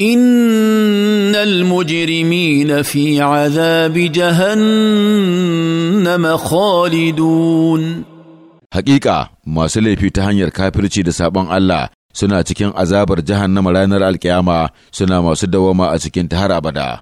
ان المجرمين في عذاب جهنم خالدون حقيقه masu laifi ta hanyar kafirci da sabon Allah suna cikin azabar jahannama ranar alkiyama suna masu dawama a cikin ta har abada